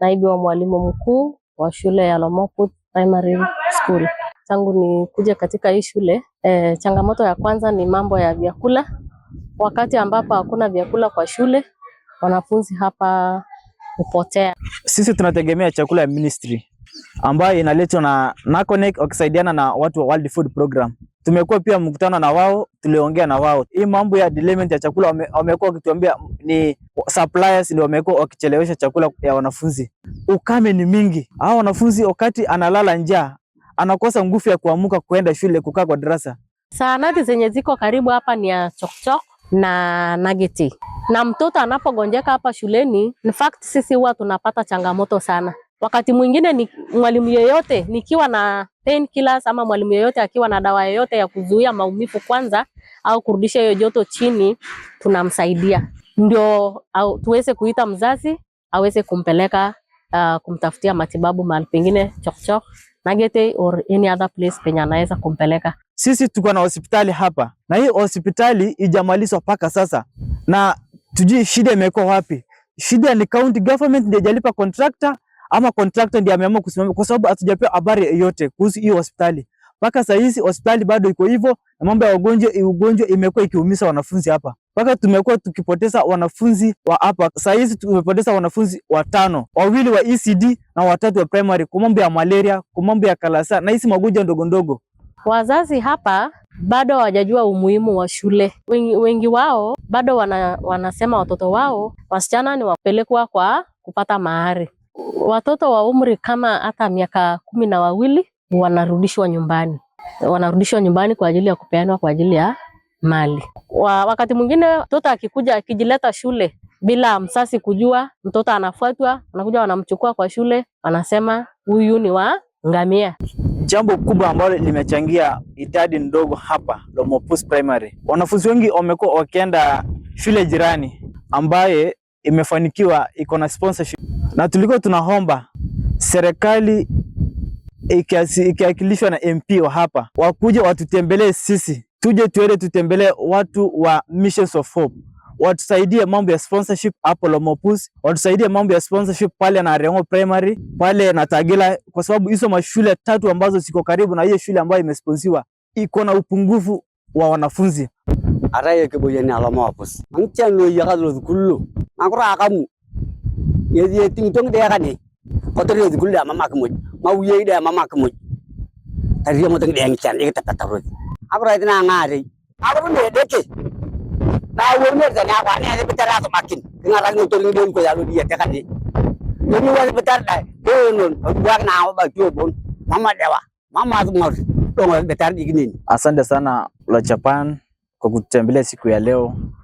Naibu wa mwalimu mkuu wa shule ya Lomokut Primary School. Tangu ni kuja katika hii shule e, changamoto ya kwanza ni mambo ya vyakula. Wakati ambapo hakuna vyakula kwa shule, wanafunzi hapa hupotea. Sisi tunategemea chakula ya ministry ambayo inaletwa na Nakonek wakisaidiana na watu wa World Food Program. Tumekuwa pia mkutano na wao, tuliongea na wao hii mambo ya delayment ya chakula. Wamekuwa wakituambia ni suppliers ndio wamekuwa wakichelewesha chakula ya wanafunzi. Ukame ni mingi, hao wanafunzi wakati analala njaa anakosa nguvu ya kuamuka kuenda shule, kukaa kwa darasa. Sahanati zenye ziko karibu hapa ni ya Chokchok na Nagiti, na mtoto anapogonjeka hapa shuleni, in fact sisi huwa tunapata changamoto sana Wakati mwingine ni mwalimu yeyote nikiwa na painkillers ama mwalimu yeyote akiwa na dawa yeyote ya kuzuia maumivu kwanza au kurudisha hiyo joto chini, tunamsaidia ndio au, tuweze kuita mzazi aweze kumpeleka uh, kumtafutia matibabu mahali pengine Chokchok, Nagete or any other place penye anaweza kumpeleka. Sisi tuko na hospitali hapa na hii hospitali ijamalizwa mpaka sasa, na tujui shida imekuwa wapi. Shida ni county government ndio jalipa contractor ama contractor ndiye ameamua kusimama, kwa sababu hatujapewa habari yoyote kuhusu hiyo hospitali. Mpaka saa hizi hospitali bado iko hivyo, na mambo ya ugonjwa ugonjwa imekuwa ikiumiza wanafunzi hapa, mpaka tumekuwa tukipoteza wanafunzi wa hapa. Saa hizi tumepoteza wanafunzi watano, wawili wa ECD na watatu wa primary, kwa mambo ya malaria, kwa mambo ya kalasa na hizi magonjwa ndogo ndogo. Wazazi hapa bado hawajajua umuhimu wa shule. Wengi, wengi wao bado wana, wanasema watoto wao wasichana ni wapelekwa kwa kupata mahari watoto wa umri kama hata miaka kumi na wawili wanarudishwa nyumbani, wanarudishwa nyumbani kwa ajili ya kupeanwa kwa ajili ya mali. Wa, wakati mwingine mtoto akikuja akijileta shule bila msasi kujua, mtoto anafuatwa, wanakuja wanamchukua kwa shule, wanasema huyu ni wa ngamia. Jambo kubwa ambalo limechangia idadi ndogo hapa Lomopus Primary, wanafunzi wengi wamekuwa wakienda shule jirani ambaye imefanikiwa, iko na sponsorship, na tulikuwa tunaomba serikali ikiakilishwa na MP wa hapa wakuja watutembelee sisi, tuje tuende tutembelee watu wa Missions of Hope watusaidie mambo ya sponsorship hapo Lomopus, watusaidie mambo ya sponsorship pale na Rengo Primary pale na Tagila, kwa sababu hizo mashule tatu ambazo ziko karibu na hiyo shule ambayo imesponsiwa iko na upungufu wa wanafunzi. arayeke boyani alamopus antiano yagadlo angkoro akamu yezi ya, yeti ya, ngitong de kan, yakane kotor yezi gulu da mama kumuj ma wuye da iya, mama kumuj tari mau tong de yang tak yeki tata taro angkoro ah, yeti na ngari angkoro ne deke na wuye mer zani akwa ne yezi betara aso makin kengar ang ngotol ngidon ko yalu diya tekane yoni wani betar da denon buak na ba mama dewa mama ngor dongo betar diginin asante sana la Japan kwa kutembelea siku ya leo